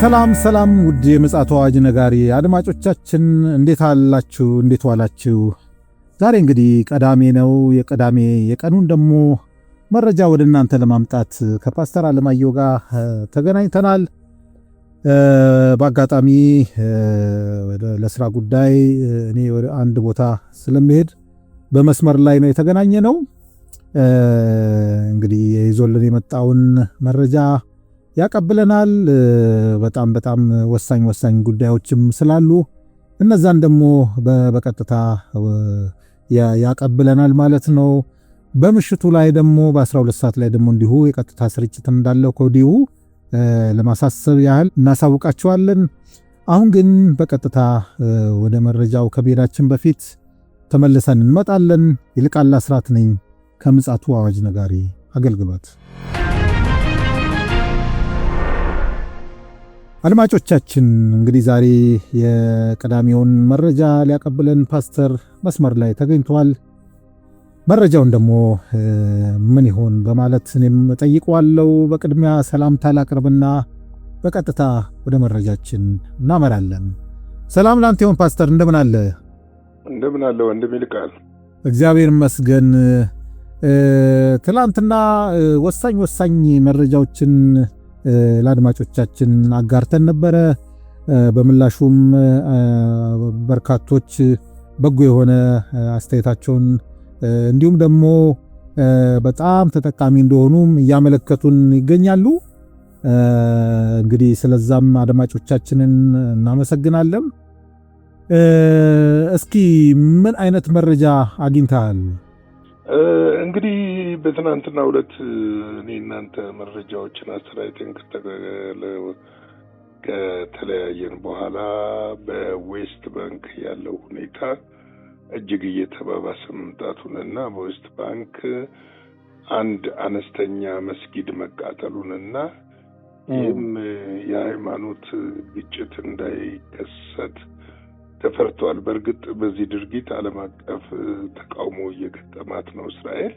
ሰላም ሰላም፣ ውድ የምፅዓቱ አዋጅ ነጋሪ አድማጮቻችን እንዴት አላችሁ? እንዴት ዋላችሁ? ዛሬ እንግዲህ ቀዳሜ ነው። የቀዳሜ የቀኑን ደግሞ መረጃ ወደ እናንተ ለማምጣት ከፓስተር አለማየሁ ጋር ተገናኝተናል። በአጋጣሚ ለስራ ጉዳይ እኔ ወደ አንድ ቦታ ስለምሄድ በመስመር ላይ ነው የተገናኘ ነው። እንግዲህ ይዞልን የመጣውን መረጃ ያቀብለናል። በጣም በጣም ወሳኝ ወሳኝ ጉዳዮችም ስላሉ እነዛን ደግሞ በቀጥታ ያቀብለናል ማለት ነው። በምሽቱ ላይ ደግሞ በ12 ሰዓት ላይ ደግሞ እንዲሁ የቀጥታ ስርጭት እንዳለው ከወዲሁ ለማሳሰብ ያህል እናሳውቃችኋለን። አሁን ግን በቀጥታ ወደ መረጃው ከቤዳችን በፊት ተመልሰን እንመጣለን። ይልቃል አስራት ነኝ ከምፅዓቱ አዋጅ ነጋሪ አገልግሎት አድማጮቻችን እንግዲህ ዛሬ የቀዳሚውን መረጃ ሊያቀብለን ፓስተር መስመር ላይ ተገኝተዋል። መረጃውን ደግሞ ምን ይሆን በማለት እኔም ጠይቀዋለሁ። በቅድሚያ ሰላምታ ላቅርብና በቀጥታ ወደ መረጃችን እናመራለን። ሰላም ላንተ ይሁን ፓስተር፣ እንደምን አለ? እንደምን አለ ወንድም ይልቃል? እግዚአብሔር ይመስገን። ትላንትና ወሳኝ ወሳኝ መረጃዎችን ለአድማጮቻችን አጋርተን ነበረ። በምላሹም በርካቶች በጎ የሆነ አስተያየታቸውን እንዲሁም ደግሞ በጣም ተጠቃሚ እንደሆኑም እያመለከቱን ይገኛሉ። እንግዲህ ስለዛም አድማጮቻችንን እናመሰግናለን። እስኪ ምን አይነት መረጃ አግኝተሃል? እንግዲህ በትናንትና ሁለት እኔ እናንተ መረጃዎችን አስተያየትን ከተለያየን በኋላ በዌስት ባንክ ያለው ሁኔታ እጅግ እየተባባሰ መምጣቱን እና በዌስት ባንክ አንድ አነስተኛ መስጊድ መቃጠሉን እና ይህም የሃይማኖት ግጭት እንዳይከሰት ተፈርቷል። በእርግጥ በዚህ ድርጊት ዓለም አቀፍ ተቃውሞ እየገጠማት ነው እስራኤል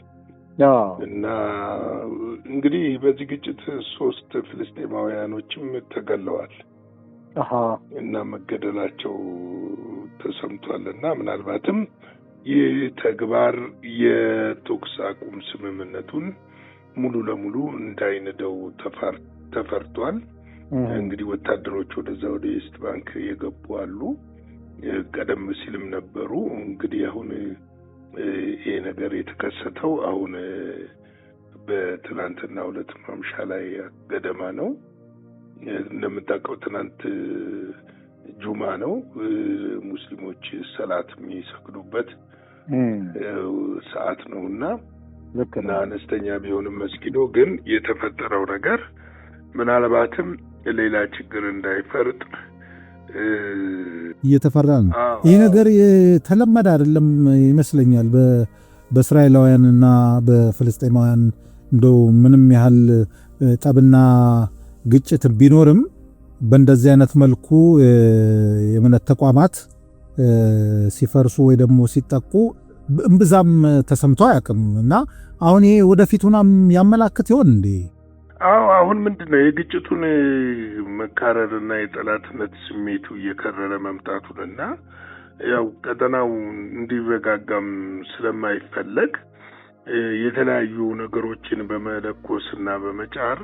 እና እንግዲህ በዚህ ግጭት ሶስት ፍልስጤማውያኖችም ተገለዋል እና መገደላቸው ተሰምቷል። እና ምናልባትም ይህ ተግባር የተኩስ አቁም ስምምነቱን ሙሉ ለሙሉ እንዳይንደው ተፈርቷል። እንግዲህ ወታደሮች ወደዛ ወደ ኢስት ባንክ የገቡ አሉ። ቀደም ሲልም ነበሩ። እንግዲህ አሁን ይሄ ነገር የተከሰተው አሁን በትናንትና ሁለት ማምሻ ላይ ገደማ ነው። እንደምታውቀው ትናንት ጁማ ነው፣ ሙስሊሞች ሰላት የሚሰግዱበት ሰዓት ነው እና እና አነስተኛ ቢሆንም መስጊዶ ግን የተፈጠረው ነገር ምናልባትም ሌላ ችግር እንዳይፈርጥ እየተፈራ ነው። ይህ ነገር የተለመደ አይደለም ይመስለኛል በእስራኤላውያንና በፍልስጤማውያን እንደው ምንም ያህል ጠብና ግጭት ቢኖርም በእንደዚህ አይነት መልኩ የእምነት ተቋማት ሲፈርሱ ወይ ደግሞ ሲጠቁ እምብዛም ተሰምቶ አያውቅም እና አሁን ይሄ ወደፊቱናም ያመላክት ይሆን እንዴ? አዎ አሁን ምንድን ነው የግጭቱን መካረርና የጠላትነት ስሜቱ እየከረረ መምጣቱን እና ያው ቀጠናው እንዲረጋጋም ስለማይፈለግ የተለያዩ ነገሮችን በመለኮስ እና በመጫር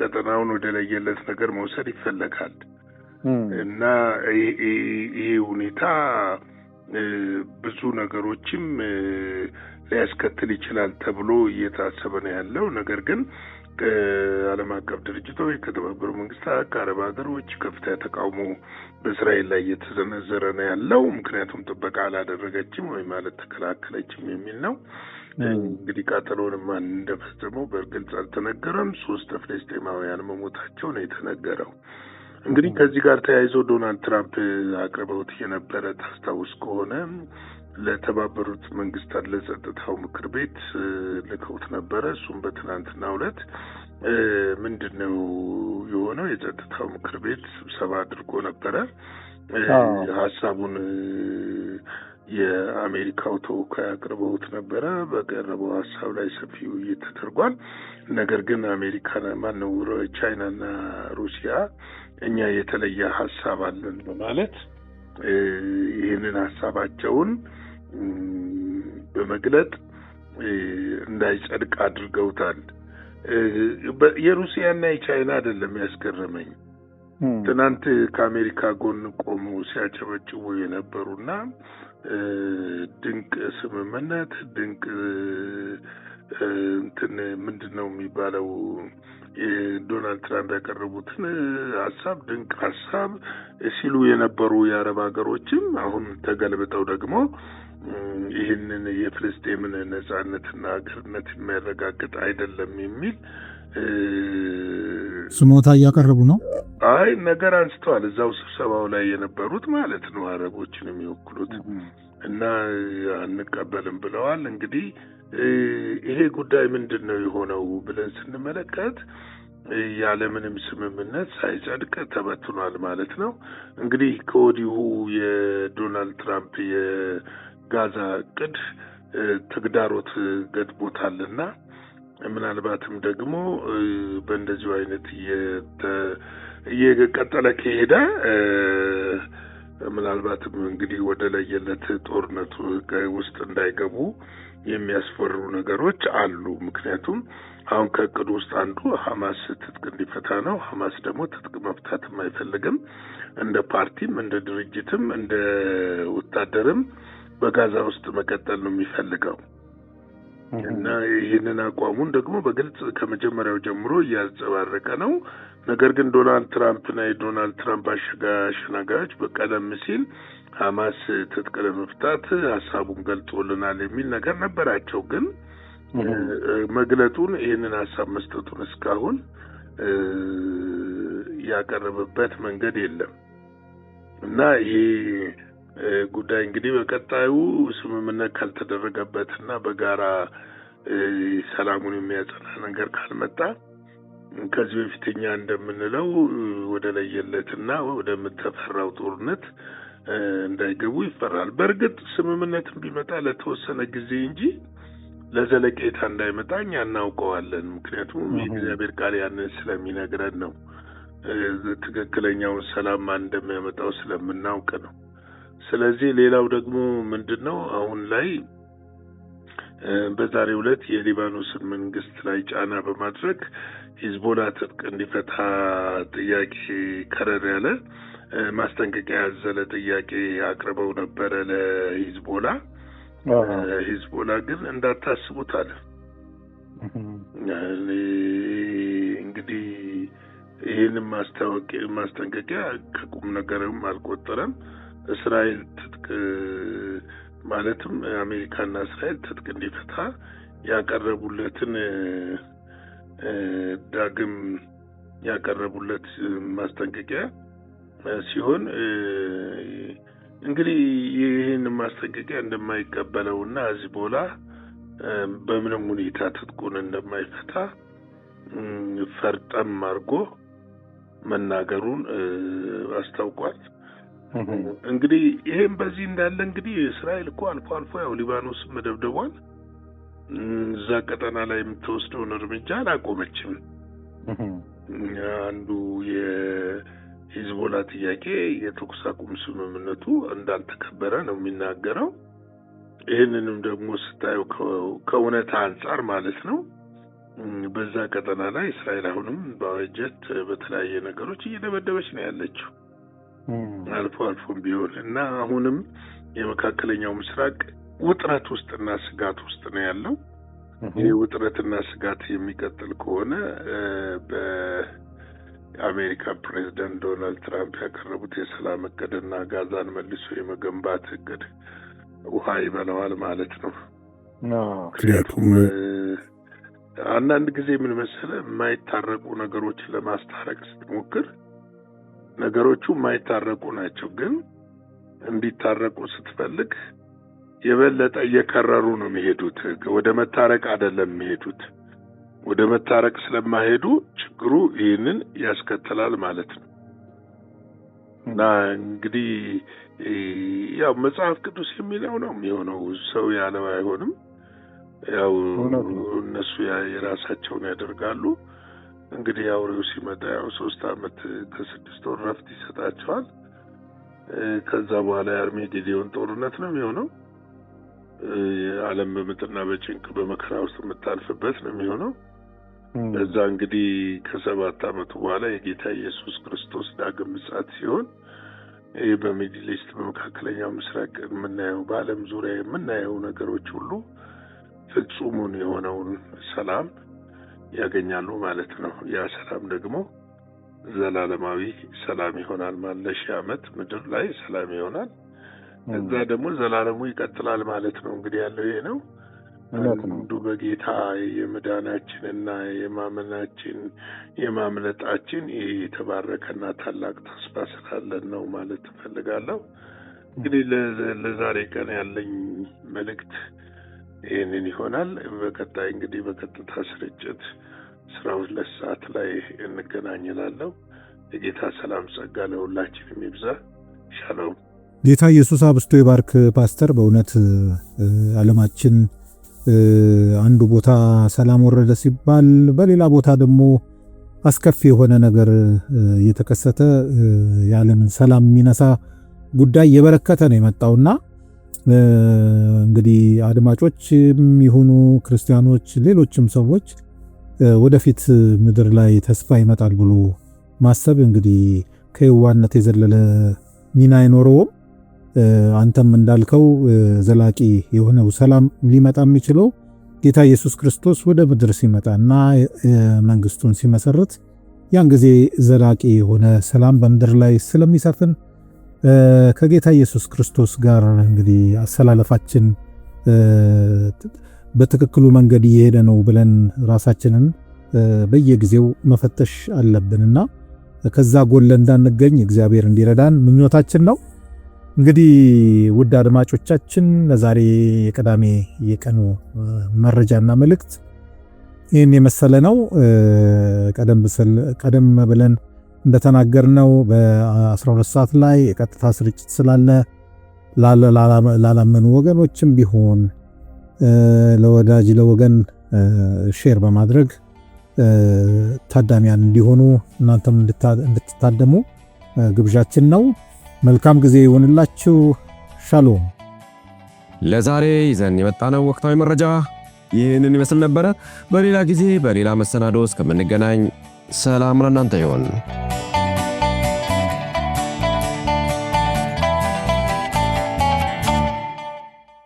ቀጠናውን ወደ ለየለት ነገር መውሰድ ይፈለጋል እና ይሄ ሁኔታ ብዙ ነገሮችም ሊያስከትል ይችላል ተብሎ እየታሰበ ነው ያለው ነገር ግን ከዓለም አቀፍ ድርጅቶች፣ ከተባበሩ መንግስታት፣ ከአረብ ሀገሮች ከፍተኛ ተቃውሞ በእስራኤል ላይ እየተዘነዘረ ነው ያለው። ምክንያቱም ጥበቃ አላደረገችም ወይ ማለት ተከላከለችም የሚል ነው። እንግዲህ ቃጠሎን ማን እንደፈጸመው በግልጽ አልተነገረም። ሶስት ፍልስጤማውያን መሞታቸው ነው የተነገረው። እንግዲህ ከዚህ ጋር ተያይዞ ዶናልድ ትራምፕ አቅርበውት የነበረ ታስታውስ ከሆነ ለተባበሩት መንግስታት ለጸጥታው ምክር ቤት ልከውት ነበረ። እሱም በትናንትናው ዕለት ምንድን ነው የሆነው? የጸጥታው ምክር ቤት ስብሰባ አድርጎ ነበረ። ሀሳቡን የአሜሪካው ተወካይ አቅርበውት ነበረ። በቀረበው ሀሳብ ላይ ሰፊ ውይይት ተደርጓል። ነገር ግን አሜሪካና ማነው ቻይናና ሩሲያ እኛ የተለየ ሀሳብ አለን በማለት ይህንን ሀሳባቸውን በመግለጥ እንዳይጸድቅ አድርገውታል። የሩሲያና የቻይና አይደለም ያስገረመኝ ትናንት ከአሜሪካ ጎን ቆሙ ሲያጨበጭቡ የነበሩና ድንቅ ስምምነት ድንቅ እንትን ምንድን ነው የሚባለው ዶናልድ ትራምፕ ያቀረቡትን ሀሳብ ድንቅ ሀሳብ ሲሉ የነበሩ የአረብ ሀገሮችም አሁን ተገልብጠው ደግሞ ይህንን የፍልስጤምን ነጻነትና ሀገርነት የሚያረጋግጥ አይደለም የሚል ስሞታ እያቀረቡ ነው። አይ ነገር አንስተዋል። እዛው ስብሰባው ላይ የነበሩት ማለት ነው አረቦችን የሚወክሉት እና አንቀበልም ብለዋል። እንግዲህ ይሄ ጉዳይ ምንድን ነው የሆነው ብለን ስንመለከት ያለምንም ስምምነት ሳይጸድቅ ተበትኗል ማለት ነው። እንግዲህ ከወዲሁ የዶናልድ ትራምፕ ጋዛ እቅድ ተግዳሮት ገጥሞታል እና ምናልባትም ደግሞ በእንደዚሁ አይነት እየቀጠለ ከሄደ ምናልባትም እንግዲህ ወደ ለየለት ጦርነቱ ውስጥ እንዳይገቡ የሚያስፈሩ ነገሮች አሉ። ምክንያቱም አሁን ከእቅዱ ውስጥ አንዱ ሀማስ ትጥቅ እንዲፈታ ነው። ሀማስ ደግሞ ትጥቅ መፍታትም አይፈልግም። እንደ ፓርቲም እንደ ድርጅትም እንደ ወታደርም በጋዛ ውስጥ መቀጠል ነው የሚፈልገው እና ይህንን አቋሙን ደግሞ በግልጽ ከመጀመሪያው ጀምሮ እያንጸባረቀ ነው። ነገር ግን ዶናልድ ና የዶናልድ ትራምፕ አሸናጋዮች በቀደም ሲል ሀማስ ትጥቅ ለመፍታት ሀሳቡን ገልጦልናል የሚል ነገር ነበራቸው። ግን መግለጡን ይህንን ሀሳብ መስጠቱን እስካሁን ያቀረበበት መንገድ የለም እና ይሄ ጉዳይ እንግዲህ በቀጣዩ ስምምነት ካልተደረገበት እና በጋራ ሰላሙን የሚያጸና ነገር ካልመጣ ከዚህ በፊት እኛ እንደምንለው ወደ ለየለትና ወደምተፈራው ጦርነት እንዳይገቡ ይፈራል። በእርግጥ ስምምነትም ቢመጣ ለተወሰነ ጊዜ እንጂ ለዘለቄታ እንዳይመጣ እኛ እናውቀዋለን። ምክንያቱም የእግዚአብሔር ቃል ያንን ስለሚነግረን ነው። ትክክለኛውን ሰላም ማን እንደሚያመጣው ስለምናውቅ ነው። ስለዚህ ሌላው ደግሞ ምንድን ነው አሁን ላይ በዛሬው ዕለት የሊባኖስን መንግስት ላይ ጫና በማድረግ ሂዝቦላ ትጥቅ እንዲፈታ ጥያቄ ከረር ያለ ማስጠንቀቂያ ያዘለ ጥያቄ አቅርበው ነበረ ለሂዝቦላ። ሂዝቦላ ግን እንዳታስቡት አለ። እንግዲህ ይህንን ማስጠንቀቂያ ከቁም ነገርም አልቆጠረም። እስራኤል ትጥቅ ማለትም አሜሪካና እስራኤል ትጥቅ እንዲፈታ ያቀረቡለትን ዳግም ያቀረቡለት ማስጠንቀቂያ ሲሆን እንግዲህ ይህን ማስጠንቀቂያ እንደማይቀበለው እና ሂዝቦላ በምንም ሁኔታ ትጥቁን እንደማይፈታ ፈርጠም አድርጎ መናገሩን አስታውቋል። እንግዲህ ይሄም በዚህ እንዳለ እንግዲህ እስራኤል እኮ አልፎ አልፎ ያው ሊባኖስ መደብደቧን እዛ ቀጠና ላይ የምትወስደውን እርምጃ አላቆመችም። አንዱ የሂዝቦላ ጥያቄ የተኩስ አቁም ስምምነቱ እንዳልተከበረ ነው የሚናገረው። ይህንንም ደግሞ ስታየው ከእውነት አንጻር ማለት ነው በዛ ቀጠና ላይ እስራኤል አሁንም በጀት በተለያየ ነገሮች እየደበደበች ነው ያለችው። አልፎ አልፎም ቢሆን እና አሁንም የመካከለኛው ምስራቅ ውጥረት ውስጥና ስጋት ውስጥ ነው ያለው። ይህ ውጥረትና ስጋት የሚቀጥል ከሆነ በአሜሪካ ፕሬዚደንት ዶናልድ ትራምፕ ያቀረቡት የሰላም እቅድና ጋዛን መልሶ የመገንባት እቅድ ውሃ ይበላዋል ማለት ነው። ምክንያቱም አንዳንድ ጊዜ ምን መሰለ የማይታረቁ ነገሮችን ለማስታረቅ ስትሞክር ነገሮቹ የማይታረቁ ናቸው። ግን እንዲታረቁ ስትፈልግ የበለጠ እየከረሩ ነው የሚሄዱት። ወደ መታረቅ አይደለም የሚሄዱት። ወደ መታረቅ ስለማሄዱ ችግሩ ይህንን ያስከትላል ማለት ነው። እና እንግዲህ ያው መጽሐፍ ቅዱስ የሚለው ነው የሚሆነው። ሰው ያለው አይሆንም። ያው እነሱ የራሳቸውን ያደርጋሉ። እንግዲህ አውሬው ሲመጣ ያው ሶስት አመት ከስድስት ወር ረፍት ይሰጣቸዋል። ከዛ በኋላ የአርማጌዶን ጦርነት ነው የሚሆነው። ዓለም በምጥና በጭንቅ በመከራ ውስጥ የምታልፍበት ነው የሚሆነው። እዛ እንግዲህ ከሰባት አመቱ በኋላ የጌታ ኢየሱስ ክርስቶስ ዳግም ምጻት ሲሆን ይህ በሚድል ኢስት በመካከለኛው ምስራቅ የምናየው በዓለም ዙሪያ የምናየው ነገሮች ሁሉ ፍጹሙን የሆነውን ሰላም ያገኛሉ ማለት ነው። ያ ሰላም ደግሞ ዘላለማዊ ሰላም ይሆናል ማለት ለሺህ ዓመት ምድር ላይ ሰላም ይሆናል። እዛ ደግሞ ዘላለሙ ይቀጥላል ማለት ነው። እንግዲህ ያለው ይሄ ነው። አንዱ በጌታ የመዳናችን እና የማመናችን የማምለጣችን ይህ የተባረከና ታላቅ ተስፋ ስላለን ነው ማለት እፈልጋለሁ። እንግዲህ ለዛሬ ቀን ያለኝ መልእክት ይህንን ይሆናል። በቀጣይ እንግዲህ በቀጥታ ስርጭት ስራ ሁለት ሰዓት ላይ እንገናኝላለሁ። የጌታ ሰላም ጸጋ ለሁላችንም ይብዛ። ሻሎም። ጌታ ኢየሱስ አብስቶ ይባርክ። ፓስተር፣ በእውነት አለማችን አንዱ ቦታ ሰላም ወረደ ሲባል በሌላ ቦታ ደግሞ አስከፊ የሆነ ነገር እየተከሰተ የዓለምን ሰላም የሚነሳ ጉዳይ እየበረከተ ነው የመጣውና እንግዲህ አድማጮችም ይሁኑ ክርስቲያኖች፣ ሌሎችም ሰዎች ወደፊት ምድር ላይ ተስፋ ይመጣል ብሎ ማሰብ እንግዲህ ከየዋነት የዘለለ ሚና አይኖረውም። አንተም እንዳልከው ዘላቂ የሆነው ሰላም ሊመጣ የሚችለው ጌታ ኢየሱስ ክርስቶስ ወደ ምድር ሲመጣ እና መንግስቱን ሲመሰርት ያን ጊዜ ዘላቂ የሆነ ሰላም በምድር ላይ ስለሚሰፍን ከጌታ ኢየሱስ ክርስቶስ ጋር እንግዲህ አሰላለፋችን በትክክሉ መንገድ እየሄደ ነው ብለን ራሳችንን በየጊዜው መፈተሽ አለብንና ከዛ ጎለ እንዳንገኝ እግዚአብሔር እንዲረዳን ምኞታችን ነው። እንግዲህ ውድ አድማጮቻችን ለዛሬ የቅዳሜ የቀኑ መረጃና መልእክት ይህን የመሰለ ነው። ቀደም ብለን እንደተናገርነው በ12 ሰዓት ላይ የቀጥታ ስርጭት ስላለ ላላመኑ ወገኖችም ቢሆን ለወዳጅ ለወገን ሼር በማድረግ ታዳሚያን እንዲሆኑ እናንተም እንድትታደሙ ግብዣችን ነው። መልካም ጊዜ ይሆንላችሁ። ሻሎም። ለዛሬ ይዘን የመጣነው ወቅታዊ መረጃ ይህንን ይመስል ነበረ። በሌላ ጊዜ በሌላ መሰናዶ እስከምንገናኝ ሰላም ለእናንተ ይሆን